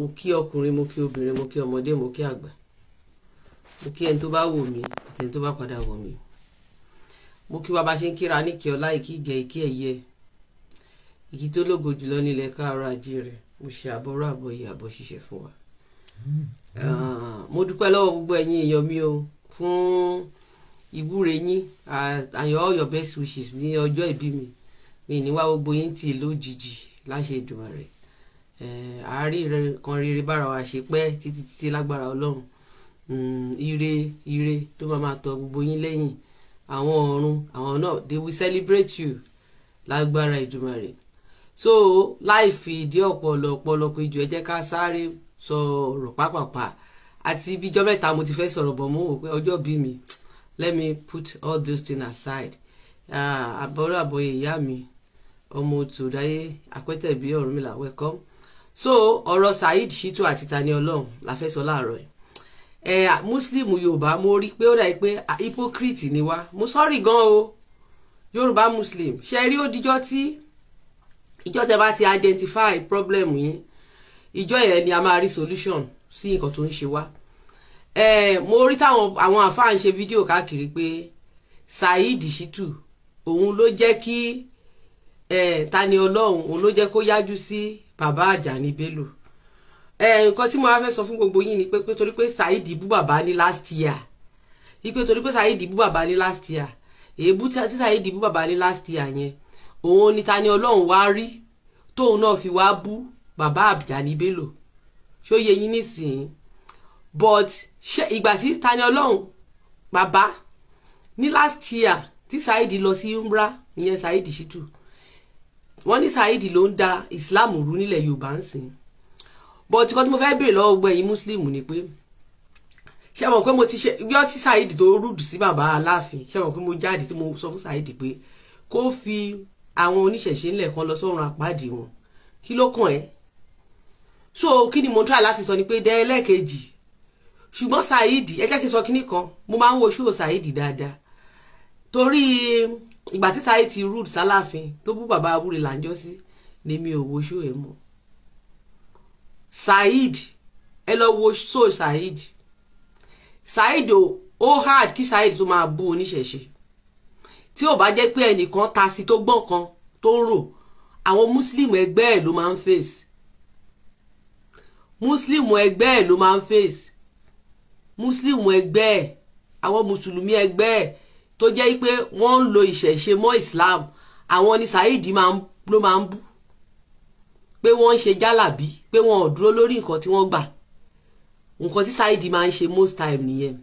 mo kí ọkùnrin mo kí obìnrin mo kí ọmọdé mo kí àgbà mo kí ẹni tó bá wò mí àti ẹni tó bá padà wò mí mo kí wa bá ṣe ń kíra ní kí ọlá ìkí ìgẹ ìkí ẹ̀yẹ ìkí tó lógo jùlọ nílẹ̀ káàárọ̀ oòjíire mo ṣe àbọrọ àbọ yìí àbọ ṣíṣe fún wa ah, mo dúpẹ́ lọ́wọ́ gbogbo ẹ̀yin èèyàn mi o fún ìwúre yín àyàn your best wishes ní ọjọ́ ìbí mi mi ní wá gbogbo yín tì lójijì láṣẹ Èdùmàrè àárín eh, kan rere bára wa ṣe pẹ́ títí títí lágbára ọlọ́run hmm, ire ire tó máa máa tọ̀ gbogbo yín lẹ́yìn àwọn ọ̀run àwọn náà they will celebrate you lágbára ìdùmarè so láì fi ìdí ọ̀pọ̀lọ ọ̀pọ̀lọ péjọ ẹ jẹ́ ká sáré sọ ọ̀rọ̀ pápápá àti ibijọ́ mẹ́ta mo ti fẹ́ sọ̀rọ̀ bọ̀ mo wò pé ọjọ́ bí mi let me put all those things aside ah, àbọ̀rọ̀ àbọ̀yẹ ìyá mi ọmọ tòdáyé àpẹ́tẹ̀bí Ọ̀rúnmìlà welcome so ọ̀rọ̀ Saheed Shittu àti Tani Olohun la fẹ́ sọ láàárọ̀ yìí Muslim Yorùbá mo rí pé ó dà pé hypocrite ni wá mo sọ́ọ̀rì gan o Yorùbá Muslim ṣe rí ó dijọ́ tí ìjọ tẹ bá ti identify problem yín ìjọ yẹn ni a máa rí solution sí nǹkan tó ń ṣe wá ẹ mo rí táwọn àwọn àfáà ń ṣe fídíò káàkiri pé Saheed Shittu òun ló jẹ́ kí ẹ Tani Olohun òun ló jẹ́ kó yájú sí bàbá Àjàní Bello nǹkan tí mo wá fẹ́ sọ fún gbogbo yín ni pé pé torí pé Saheed bú bàbá ní last year ipe torí pé Saheed bú bàbá ní last year èébú tí Saheed bú bàbá ní last year yẹn òun ni ta ni Ọlọ́run wá rí tóun náà fi wá bú bàbá Àjàní Bello ṣó yẹ yín nísìnyí but ṣe ìgbà tí ta ni Ọlọ́run bàbá ní last year tí Saheed lọ sí umra ìyẹn Saheed Shittu wọ́n ní Saheed ló ń da Islam rú nílẹ̀ Yorùbá ń sìn but kọ́ tí mo fẹ́ béèrè lọ́wọ́ gbẹ̀yìn Muslim ni pé ṣé mọ̀ pé mo ti ṣe bí ọtí Saheed tó rúdù sí bàbá Aláàfin ṣé mọ̀ pé mo jáde tí mo sọ fún Saheed pé kó fi àwọn oníṣẹ̀ṣe ńlẹ̀ kan lọ sọ́run àpáàdì wọn kí ló kàn ẹ́ so kí ni mo try láti sọ ni pé dẹ́ ẹlẹ́ẹ̀kejì ṣùgbọ́n Saheed ẹ jẹ́ kí n sọ kinní kan mo máa ń wo ṣúwò Saheed dáadáa torí ìgbà tí sáyé ti rude sálàfin tó bú bàbá abúlé làǹjọ́ sí ni mi ò wo ṣó ẹ̀ mọ́ saheed ẹ lọ wo ṣó saheed saheed o ó hard kí saheed tó máa bú oníṣẹ̀ṣe tí ò bá jẹ́ pé ẹnìkan ta sí tó gbọ́n kan tó ń rò àwọn muslim ẹgbẹ́ ẹ̀ ló máa ń face muslim ẹgbẹ́ ẹ̀ ló máa ń face muslim ẹgbẹ́ ẹ̀ àwọn mùsùlùmí ẹgbẹ́ ẹ̀ tó jẹ́ pé wọ́n ń lo ìṣẹ̀ṣe mọ́ Islam àwọn ni Saheed ló máa ń bú pé wọ́n ń ṣe jálàbí pé wọn ò dúró lórí nǹkan tí wọ́n gbà nǹkan tí Saheed máa ń ṣe most time nìyẹn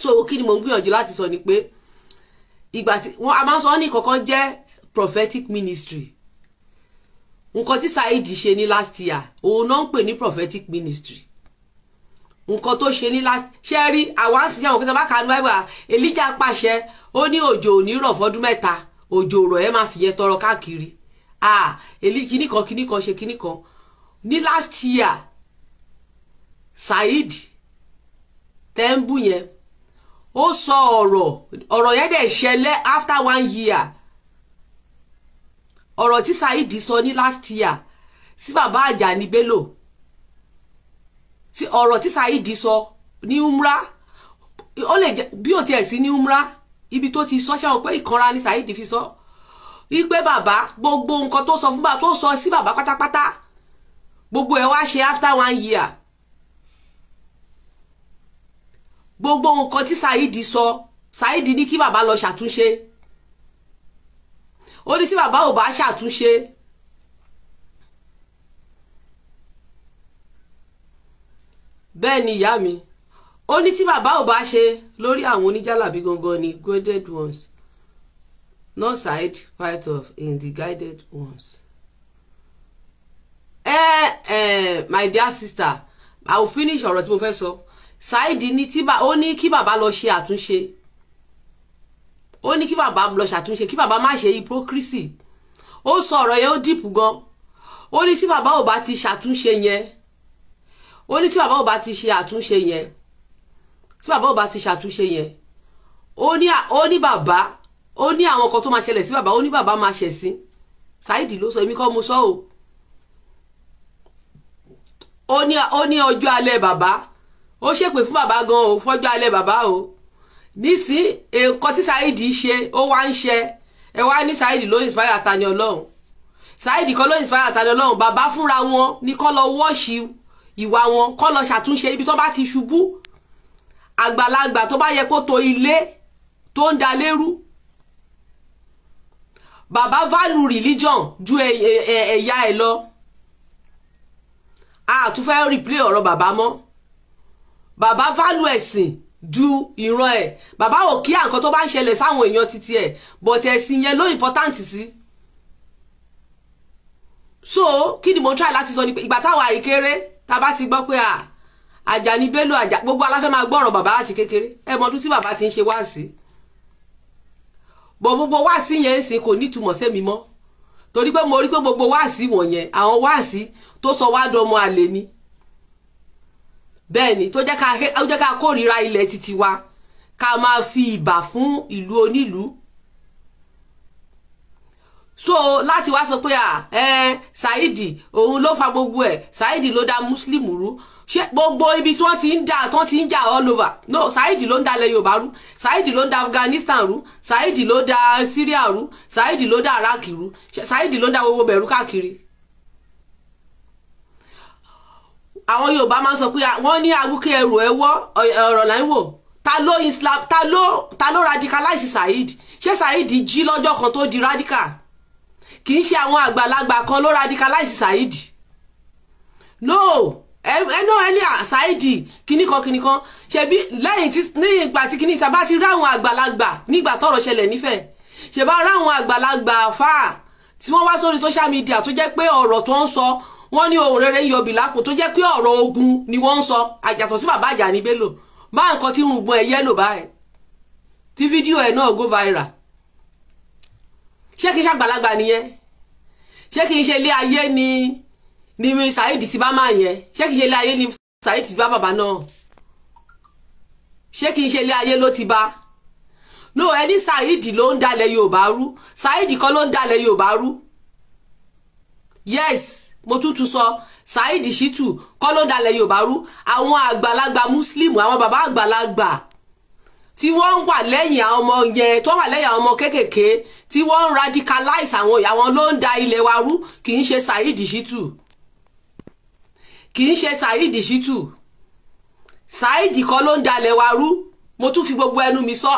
so kí ni mo ń gbìyànjú láti sọ ni pé ìgbà tí wọ́n a máa ń sọ ní kọ̀ọ̀kan jẹ́ prophetic ministry nǹkan tí Saheed ṣe ní last year òun náà ń pè ní prophetic ministry nǹkan tó ṣe ní last ṣe rí àwọn àti ìyàwó kí n bá kà ní báyìí wà Èlíjà pàṣẹ ó ní òjò òní rọ̀ fọ́dún òjò rọ̀ ẹ máa fìyẹ tọrọ káàkiri ah èlí kíníkan kíníkan ṣe kíníkan ní last year Saheed tẹ́ǹbù yẹn ó sọ ọ̀rọ̀ ọ̀rọ̀ yẹn dẹ̀ ṣẹlẹ̀ after one year ọ̀rọ̀ tí Saheed sọ ní last year sí bàbá Àjàní Bello tí ọ̀rọ̀ tí Saidi sọ ní umra ó lè jẹ bí ò tiẹ̀ sí ní umra ibi tó ti sọ ṣáà pé ìkanra ni Saidi fi sọ wípé bàbá gbogbo nǹkan tó sọ fún bàbá tó sọ sí bàbá pátápátá gbogbo ẹ̀ wá ṣe after one year gbogbo nǹkan tí Saidi sọ Saidi ní kí bàbá lọ ṣàtúnṣe ó ní tí bàbá ò bá ṣàtúnṣe bẹ́ẹ̀ ni ìyá mi ó ní tí bàbá ò bá ṣe lórí àwọn oníjàlábí gangan ni graded ones no side part of in the guided ones. ẹ ẹ my dear sister i will finish ọ̀rọ̀ tí mo fẹ́ sọ Saheed ní tí ó ní kí bàbá lọ ṣe àtúnṣe ó ní kí bàbá lọ ṣàtúnṣe kí bàbá má ṣe hypocrisy ó sọ ọ̀rọ̀ yẹn ó dìpù gan ó ní tí bàbá ò bá ti ṣàtúnṣe yẹn ó ní tí bàbá ò bá ti ṣe àtúnṣe yẹn tí bàbá ò bá ti ṣe àtúnṣe yẹn ó ní ó ní bàbá ó ní àwọn kan tó máa ṣẹlẹ̀ sí bàbá ó ní bàbá máa ṣẹ̀ sí Saheed ló sọ èmi kọ́ mo sọ o ó ní ó ní ọjọ́ alẹ́ bàbá ó ṣèpè fún bàbá gan o fọjọ́ alẹ́ bàbá o nísìn nǹkan tí Saheed ṣe ó wá ń ṣe ẹ wá ní Saheed ló inspire Tani Olohun Saheed kọ́ ló inspire Tani Olohun bàbá fúnra wọn ní kọ́ lọ wọ́ọ̀ṣì ìwà wọn kọ́ lọ ṣàtúnṣe ibi tó bá ti ṣubú àgbàlagbà tó bá yẹ kó to ilé tó ń da lérú bàbá value religion ju ẹ̀yà ẹ̀ lọ a tún fẹ́ replay ọ̀rọ̀ bàbá mọ́ bàbá value ẹ̀sìn ju ìran ẹ̀ bàbá ò kí àǹkan tó bá ń ṣẹlẹ̀ sáwọn èèyàn títí ẹ̀ but ẹ̀sìn yẹn ló important sí. so kí ni mo try láti sọ ni ìgbà táwa ìkéré tá a bá ti gbọ́ pé à Àjàní Bello àjà gbogbo aláfẹ́ máa gbọ́rọ̀ bàbá àti kékeré ẹ mọ ọdún tí bàbá ti ń ṣe wáàsí bọ̀ gbogbo wáàsí yẹn ń sìn kò nítumọ̀ sẹ́mi mọ́ torí pé mo rí pé gbogbo wáàsí wọ̀nyẹn àwọn wáàsí tó sọ wá dọmọ àlè ni bẹ́ẹ̀ ni tó jẹ́ ká kórìíra ilẹ̀ títí wa ká máa fi ìbà fún ìlú onílùú so láti wá sọ pé à ẹ Saidi òun ló fa gbogbo ẹ Saidi ló dá muslim rú ṣé gbogbo ibi tí wọ́n ti ń jà tí wọ́n ti ń jà all over no Saidi ló ń dalẹ̀ Yorùbá rú Saidi ló ń da Afghanistan rú Saidi ló da Syria rú Saidi ló da Iraq rú Saidi ló da gbogbo bẹ̀rù káàkiri. àwọn Yorùbá máa ń sọ pé wọ́n ní agbókè ẹrù ẹ wọ́ ọ̀rọ̀ láì wò ta ló islam ta ló ta ló radicalize Saidi ṣé Saidi jí lọ́jọ́ kan tó di radical kì í ṣe àwọn àgbàlagbà kan ló radicalize Saheed no ẹ náà ẹ ní ah, Saheed kìnnìkan kìnnìkan ṣebí lẹ́yìn tí ní ìgbà tí kìnnìkan bá ti ráwọn àgbàlagbà nígbà tọ́rọ̀ ṣẹlẹ̀ nífẹ̀ẹ́ ṣèbá ráwọn àgbàlagbà fáà tí wọ́n wá sórí social media tó jẹ́ pé ọ̀rọ̀ tó ń sọ wọ́n ní ohun rere yọbì lápò tó jẹ́ pé ọ̀rọ̀ ogun ni wọ́n ń sọ àjàtọ̀ sí bàbá Àjàní Bello bá nǹkan tí ń gbọ́n ẹ yẹ́lò báyìí tí fídíò ẹ̀ náà go viral ṣé kì í ṣàgbàlagbà nìyẹn ṣé kì í ṣe ilé ayé ni ni mi Saheed ti bá máa yẹn ṣé kì í ṣe ilé ayé ni Saheed ti bá bàbá náà ṣé kì í ṣe ilé ayé ló ti bá no ẹni Saheed ló ń dalẹ̀ Yorùbá rú Saheed kọ́ ló ń dalẹ̀ Yorùbá rú yes mo tútù sọ Saheed Shittu kọ́ ló ń dalẹ̀ Yorùbá rú àwọn àgbàlagbà Muslim àwọn bàbá àgbàlagbà tí wọ́n wà lẹ́yìn àwọn ọmọ yẹn tó wà lẹ́yìn àwọn ọmọ kéékèèké tí wọ́n radicalize àwọn ìyá wọn ló ń da ilẹ̀ wa rú kì í ṣe Saheed Shittu kì í ṣe Saheed Shittu Saheed kan ló ń da ilẹ̀ wa rú mo tún fi gbogbo ẹnu mi sọ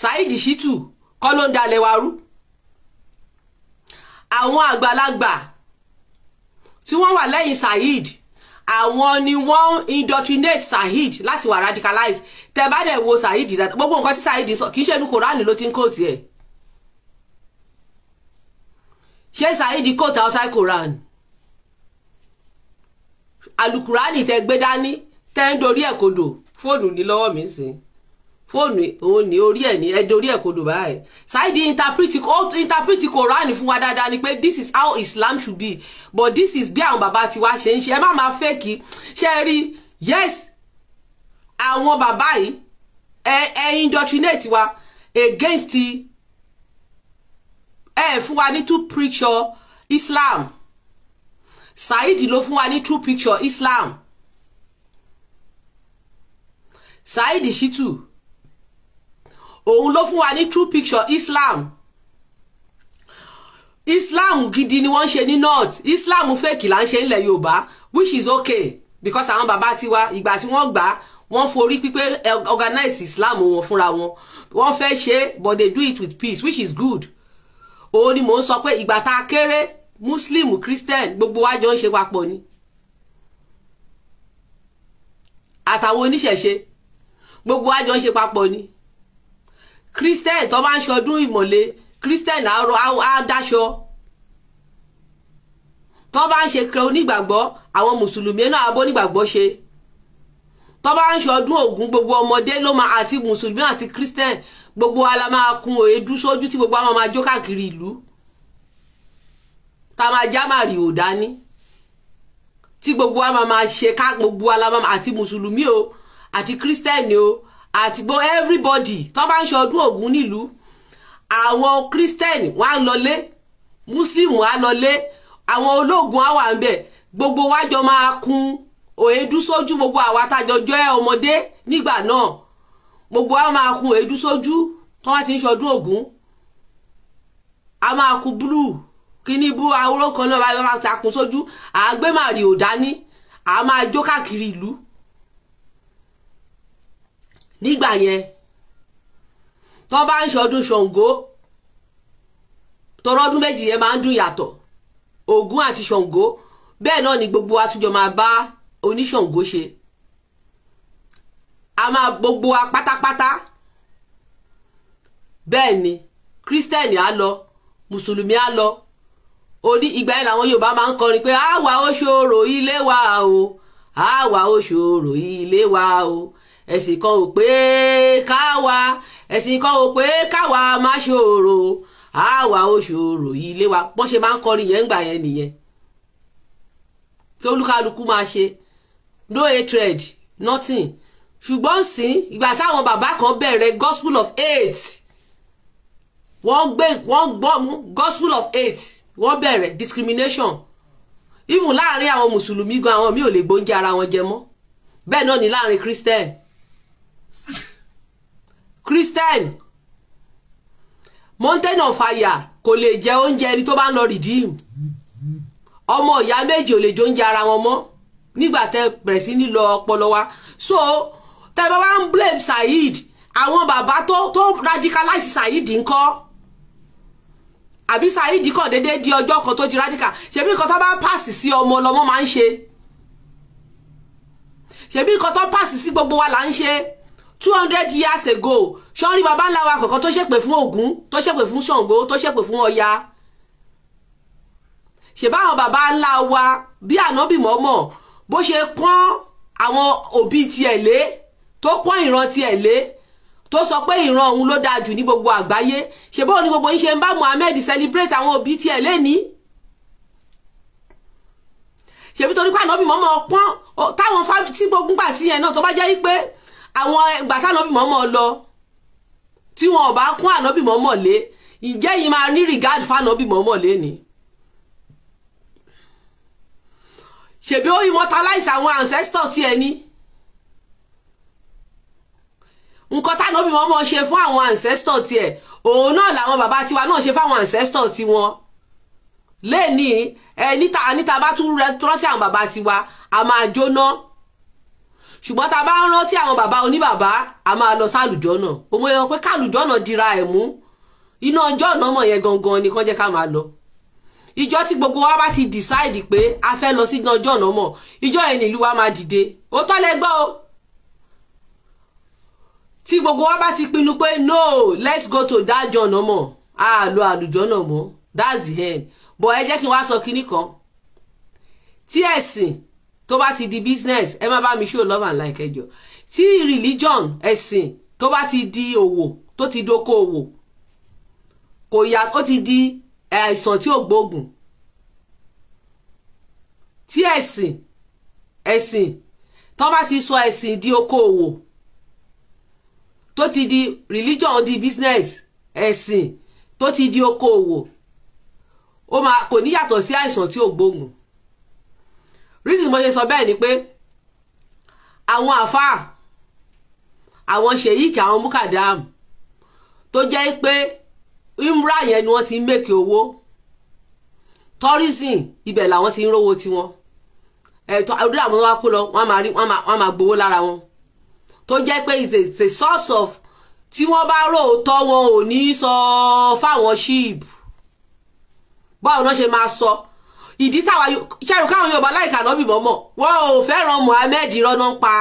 Saheed Shittu kan ló ń da ilẹ̀ wa rú àwọn àgbàlagbà tí wọ́n wà lẹ́yìn Saheed àwọn ni wọ́n indoctrinate Saheed láti wà radicalize. tẹ bá dẹ̀ wo Saheed dáadáa gbogbo nǹkan tí Saheed sọ kì í ṣe inú Kùránì ló ti ń kóòtù ẹ̀ ṣé Saheed kóòtù outside Quran alukurani tẹ gbé dání tẹ ń dorí ẹ̀ kodò fóònù ní lọ́wọ́ mi sìn fóònù òun ní orí ẹ̀ ní ẹ̀dórí ẹ̀ kodò báyìí Saidi interpret ó interpret Quran fún wa dáadáa ni pé this is how Islam should be but this is bí àwọn bàbá tiwa ṣe ń ṣe ẹ má máa fẹ́ ṣe rí yes àwọn bàbá yìí ẹ ẹ indoctrinate wa against ẹ fún wa ní two picture Islam Saidi ló fún wa ní two picture Islam Saidi Shittu òun ló fún wa ní true picture Islam Islam gidi ni wọ́n ń ṣe ní north Islam fake là ń ṣe nílẹ̀ Yorùbá which is okay because àwọn bàbá tiwa ìgbà tí wọ́n gbà wọ́n forí pípé eh, organize Islam wọn fúnra wọn wọ́n fẹ́ ṣe but they do it with peace which is good òun ni mò ń sọ pé ìgbà tá a kéré Muslim Christian gbogbo wa jọ ń ṣe papọ̀ ni àtàwọn oníṣẹ̀ṣe gbogbo wa jọ ń ṣe papọ̀ ni christian tó bá ń ṣọdún ìmọ̀le christian àárọ̀ á dáṣọ tó bá ń ṣe kẹ onígbàgbọ́ àwọn mùsùlùmí náà abọ́ onígbàgbọ́ ṣe tó bá ń ṣọdún ògún gbogbo ọmọdé ló máa àti mùsùlùmí àti christian gbogbo ala máa kun èédú sójú tí gbogbo àwọn máa jó káàkiri ìlú tá a máa já màrì ò dání tí gbogbo wa máa ṣe ká gbogbo ala máa àti mùsùlùmí o àti kírísítẹ́nì o àti gbogbo everybody tó bá ń ṣe ọdún Ògún nílùú àwọn Christian wọn á lọlé Muslim wọn á lọlé àwọn ológun á wà ń bẹ̀ gbogbo wájọ máa kun òèédú sójú gbogbo àwa tájọ jẹ́ ọmọdé nígbà náà gbogbo wa máa kun èédú sójú tó wá ti ń ṣọdún Ògún a máa kun búlúù kíní bú awúrò kan náà bá ta kun sójú àgbẹ̀ màrí ò dání a máa jó káàkiri ìlú nígbà yẹn tó bá ń ṣọdún ṣàngó tọrọ ọdún méjì yẹn máa ń dún yàtọ̀ ògún àti ṣàngó bẹ́ẹ̀ náà ni gbogbo àtúnjọ máa bá oníṣàngó ṣe a máa gbogbo wa pátápátá bẹ́ẹ̀ ni kírísítẹ́nì á lọ mùsùlùmí á lọ oní ìgbà yẹn làwọn yorùbá máa ń kọrin pé àwa ó ṣòro ilé wa o àwa ó ṣòro ilé wa o ẹ̀sìn kan ò pé káwa ẹ̀sìn kan ò pé káwa má ṣòro àwa ò ṣòro yìí lé wa bọ́n ṣe máa ń kọrin yẹn ń gbà yẹn nìyẹn tí olúkálukú máa ṣe no hatred nothing ṣùgbọ́n sìn ìgbà táwọn bàbá kan bẹ̀rẹ̀ gospel of hate wọ́n gbé wọ́n gbọ́ gospel of hate wọ́n bẹ̀rẹ̀ discrimination even láàrin àwọn mùsùlùmí gan àwọn mi ò lè gbóúnjẹ ara wọn jẹ mọ́ bẹ́ẹ̀ náà ni láàrin christian Christian mountain of fire kò lè jẹ oúnjẹ ẹni tó bá ń lọ redeem ọmọ ìyá méjì ò lè jẹ oúnjẹ ara wọn mọ́ nígbà tẹ bẹ̀rẹ̀ sí nílò ọpọlọ wa so tẹ bá ń blame Saheed àwọn bàbá tó tó radicalize Saheed ńkọ́ àbí Saheed kàn déédéé di ọjọ́ kan tó di radical ṣebí nǹkan tó bá pàṣì sí ọmọ lọmọ máa ń ṣe ṣebí nǹkan tó pàṣì sí gbogbo wa là ń ṣe two hundred years ago sọ́ọ́rí baba ńlá wa kọ̀ọ̀kan tó ṣèpè fún ogun, tó ṣèpè fún Ṣàngó tó ṣèpè fún Ọya ṣèbáwọn baba ńlá wa bí ànábì mọ́mọ́ bó ṣe pọ́n àwọn òbí tiẹ̀ lé tó pọ́n ìran tiẹ̀ lé tó sọ pé ìran òun ló dáa jù ní gbogbo àgbáyé ṣèbáwọn ní gbogbo yín ṣe ń bá Muhammed celebrate àwọn òbí tiẹ̀ lẹ́ni ṣèbí torí pé ànábì mọ́mọ́ pọ́n táwọn fáwọn tí gbogbo gbà sí yẹn náà tó bá jẹ́ pé àwọn ìgbà tánàbì mọ́mọ́ lọ tí wọn ò bá kún ànábì mọ́mọ́ lé ìjẹ́ yìí máa ní regard fànábì mọ́mọ́ lé ni. ṣèbí ó immortalize àwọn ancestor tí ẹ ní nǹkan tánàbì mọ́mọ́ ṣe fún àwọn ancestor tí ẹ òun náà làwọn bàbá tiwa náà ṣe fáwọn ancestor tiwọn lẹ́ẹ̀ni ẹ níta níta bá tún rántí àwọn bàbá tiwa a máa jóná. No ṣùgbọ́n tá a bá ń rántí àwọn bàbá oníbàbá a máa lọ sálùjọ́ náà òmò yẹn pé kálùjọ́ náà dira ẹ̀ mú iná ọjọ́ náà mọ̀ yẹn gangan ni kán jẹ́ ká máa lọ ìjọ tí gbogbo wa bá ti decide pé a fẹ́ lọ sí iná ọjọ́ náà mọ̀ ìjọ yẹn nílùú wa máa dìde ó tọ́ lẹ́gbọ́ o tí gbogbo wa bá ti pinnu pé no let's go to that jọ náà mọ̀ a lọ àlùjọ́ náà mọ̀ that's the end bọ̀ ẹ jẹ́ kí wá sọ kinní kan tí ẹ̀sìn tó bá ti di business ẹ má bá mi show love and like ẹjọ tí religion ẹ̀sìn tó bá ti di òwò tó ti dóko òwò kò yá ó ti di àìsàn tí ò gbóògùn tí ẹ̀sìn ẹ̀sìn tó bá ti sọ ẹ̀sìn di oko òwò tó ti di religion di business ẹ̀sìn tó ti di oko òwò ó máa kò ní yàtọ̀ sí àìsàn tí ò gbóògùn reason mo ṣe sọ bẹ́ẹ̀ ni pé àwọn àfáà àwọn ṣèyíkì àwọn mukadam tó jẹ́ pé imra yẹn ni wọ́n ti ń mèkè owó tourism ibẹ̀ làwọn ti ń rówó tiwọn ẹ̀tọ́ àdúrà àwọn wa kó lọ wọ́n máa rí wọ́n máa gbowó lára wọn tó jẹ́ pé is a is a source of tí wọ́n bá róòótọ́ wọn ò ní sọ fáwọn sheep báwo náà ṣe máa sọ. So, ìdí táwa ṣẹ́rù káwọn Yorùbá láìka ànábì mọ́mọ́ wọn ò fẹ́ràn Muhammed ìrọ́nà ń pa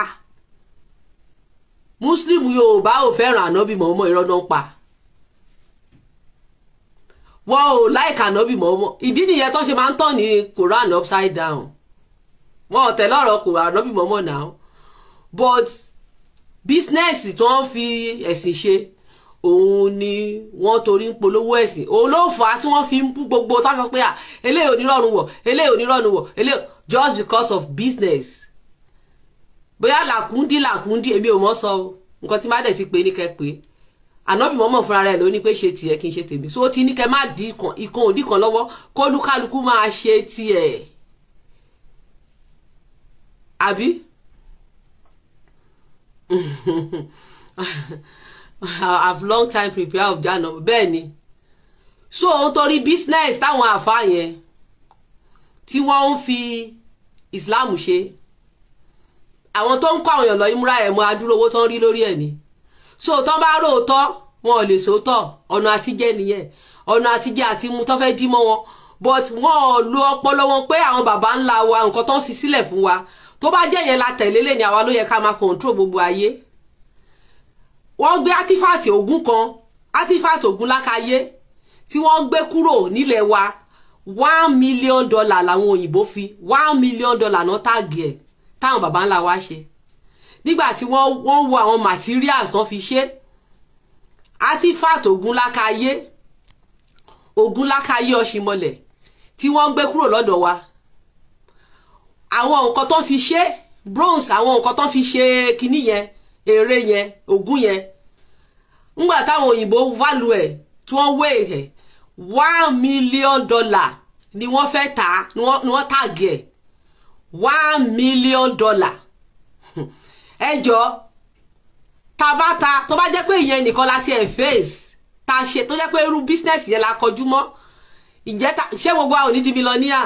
Muslim Yorùbá ò fẹ́ràn ànábì mọ́mọ́ ìrọ́nà ń pa wọn ò láìka ànábì mọ́mọ́ ìdí nìyẹn tó ṣe máa ń tọ̀ ní Quran upside down wọn ò tẹ̀lé ọ̀rọ̀ Quran ànábì mọ́mọ́ náà but business tí wọ́n fi ẹ̀sìn ṣe òun ni wọ́n torí ń polówó ẹ̀sìn òun ló fà á tí wọ́n fi ń bú gbogbo táwọn pé à eléyìí onírọ̀rùn wọ̀ eléyìí onírọ̀rùn wọ̀ eléyìí just because of business bóyá làkúndí làkúndí èmi ò mọ̀ sọ o nǹkan tí má dẹ̀ ti pè ní kẹ́ pé ànábì mọ́mọ́ fúnra rẹ̀ ló ní pé ṣe tiẹ̀ kí n ṣe tèmi so ó ti ní kẹ́ má di ìkan òdì kan lọ́wọ́ kó lúkálukú máa ṣe tiẹ̀ àbí. I have long time prepare of that number bẹ́ẹ̀ ni so nítorí business táwọn àfa yẹn tí wọ́n ń fi Islam ṣe àwọn tó ń kọ́ àwọn èèyàn lọ ìmúra ẹ̀ mọ́ adúrò owó tó ń rí lórí ẹ̀ ni so tó bá róòótọ́ wọn ò lè sòótọ́ ọ̀nà àtijẹ́ nìyẹn ọ̀nà àtijẹ́ àti mu tó fẹ́ dí mọ́ wọn but wọn ò lo ọpọlọ wọn pé àwọn baba ńlá wa nǹkan tó ń fi sílẹ̀ fún wa tó bá jẹ́ yẹn la tẹ̀lé lé ní àwa ló yẹ ká máa control gbogbo ayé wọ́n gbé átífàtì Ògún kan átífàtì Ògún lákàyé tí wọ́n gbé kúrò nílẹ̀ wa one million dollar làwọn òyìnbó fi one million dollar náà táàgì ẹ̀ táwọn baba ńlá wa ṣe nígbà tí wọ́n wọ́n wo àwọn materials náà fi ṣe átífàtì Ògún lákàyé Ògún lákàyé Ọ̀ṣìnmọlẹ̀ tí wọ́n gbé kúrò lọ́dọ̀ wa àwọn nǹkan tó fi ṣe bronze àwọn nǹkan tó fi ṣe kinní yẹn Ere ye, ogu ye, ńgbà oyibo òyìnbó value ẹ̀ tí wọ́n one million dollar ni wọ́n fẹ ta ni wọ́n tàgì ẹ̀ one million dollar ẹ tabata to bá je pe ìyẹn nìkan la ti ẹ̀ face ta se to je pe iru business yẹn la mo. Ije ta ṣé gbogbo àwọn onídìí mílíọ̀nìyà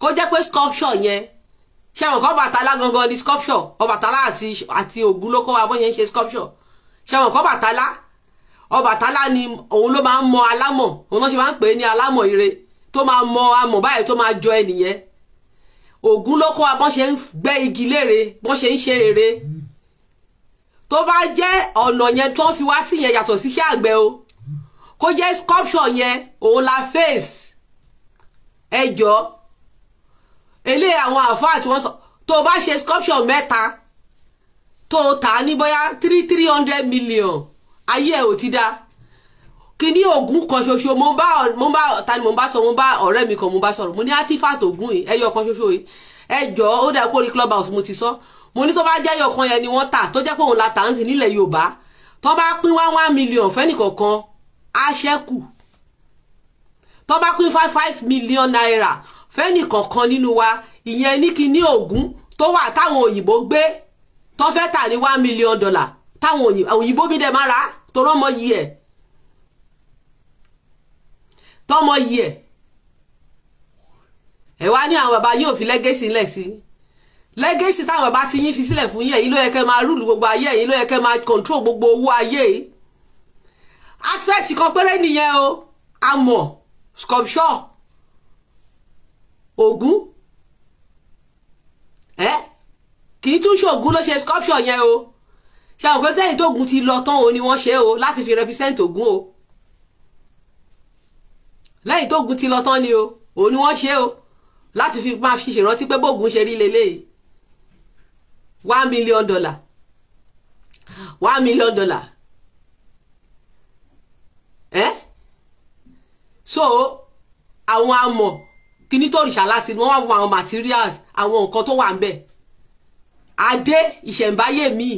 ko je pe sculpture yẹn ṣé àwọn kan Ọbàtálá gangan ni sculpture Ọbàtálá àti àti Ògún ló kọ́ wa bọ́ yẹn ń ṣe sculpture ṣé àwọn kan Ọbàtálá Ọbàtálá ni òun ló máa ń mọ alámọ̀ òun náà ṣe máa ń pè é ní alámọ̀ ire tó máa mọ amọ̀ báyìí tó máa jọ ẹnìyẹn Ògún ló kọ́ wa bọ́n ṣe ń gbẹ́ igi léèrè bọ́n ṣe ń ṣe ère tó bá jẹ́ ọ̀nà yẹn tó ń fi wá sí yẹn yàtọ̀ sí iṣẹ́ o kó jẹ́ sculpture yẹn òun la face ẹ jọ̀ọ́ eléyìí àwọn àfáà tí wọ́n sọ tó bá ṣe sculpture mẹ́ta tó tà ní bóyá three three hundred million ayé ẹ̀ ò ti dá kíní ògùn kan ṣoṣo mo bá mo bá ta ni mo bá sọ mo bá ọ̀rẹ́ mi kan mo bá sọ̀rọ̀ mo ní artifact ògùn yìí ẹyọ kan ṣoṣo yìí ẹ jọ ó dà kó rí club house mo ti sọ mo ní tó bá jẹ́ ẹyọ kan yẹn ni wọ́n tà tó jẹ́ pé òun la tà ń sìn nílẹ̀ Yorùbá tó bá pín wá one million fẹ́nìkọ̀ọ̀kan á ṣẹ́kù tó bá pín five five million naira fẹ́ni kọ̀ọ̀kan nínú wa ìyẹn ní kí ní oògùn tó wà táwọn òyìnbó gbé tó fẹ́ tà ní one million dollar táwọn òyìnbó mi dẹ̀ máa rà tó rọ́mọ yìí ẹ̀ tọ́mọ yìí ẹ̀ ẹ̀ wá ní àwọn bàbá yóò fi lẹ́gẹ́sì lẹ̀ sí lẹ́gẹ́sì táwọn bàbá ti yín fi sílẹ̀ fún yín èyí ló yẹ kẹ́ máa rúlù gbogbo ayé èyí ló yẹ kẹ́ máa kọ̀ǹtró gbogbo owó ayé yìí aspect kan péré nìyẹn o amọ̀ sculpture Ògún ẹ kì í tún ṣògùn ló ṣe sculpture yẹn o ṣe àwọn òpin tẹ́yìn tógun ti lọ tán o ni wọ́n ṣe o láti fi represent Ògún o lẹ́yìn tógun ti lọ tán ni o òun ni wọ́n ṣe o láti fi máa fi ṣèrántí pé bóògùn ṣe rí leléyìí one million dollar one million dollar ẹ eh? so àwọn amọ̀ kíní tó òrìṣà láti wọ́n wá wo àwọn materials àwọn nǹkan tó wà ń bẹ̀ adé ìṣẹ̀ǹbáyé míì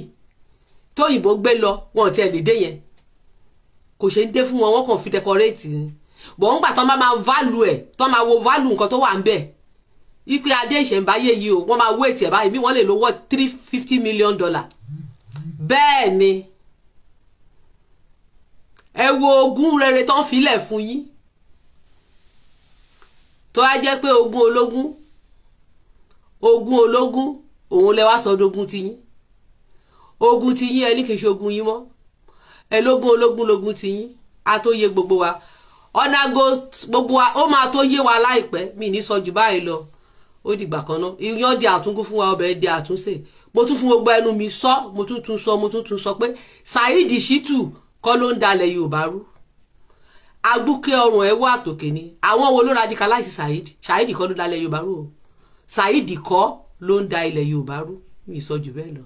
tó òyìnbó gbé lọ wọn ò tiẹ̀ lè dé yẹn kò ṣe ń dé fún wọn wọn kàn fi dẹkọréètì ni bọ̀ ń gbà tán máa válù ẹ̀ tán máa wo válù nǹkan tó wà ń bẹ̀ ipe adé ìṣẹ̀ǹbáyé yìí o wọ́n máa wé ètì ẹ̀ báyìí mí wọ́n lè lówó three fifty million dollar bẹ́ẹ̀ ni ẹ wo ogún rere tán filẹ̀ fún yín tó wá jẹ́ pé ogún ológun ogún ológun òun lẹ wá sọdọ̀gún tiyín ogun tiyín ẹ ní kìí ṣe ogun yín mọ́ ẹ ológun lógún tiyín a tó yé gbogbo wa ọ̀nà go gbogbo wa ó máa tó yé wa láìpẹ́ mi ní sọ jù báyìí lọ ó dìgbà kan náà iyán di àtúngún fún wa ọbẹ̀ di àtúnṣe mo tún fún gbogbo ẹnu mi sọ mo tún tún sọ mo tún tún sọ pé Saheed Shittu kọ́ ló ń dalẹ̀ Yorùbá rú agbúkẹ́ ọrùn ẹ̀ wá àtòkè ni àwọn wo ló radicalize Saheed Saheed kọ́ ló dalẹ̀ Yorùbá rú o Saheed kọ́ ló ń da ilẹ̀ Yorùbá rú mi ìsọjù bẹ́ẹ̀ lọ.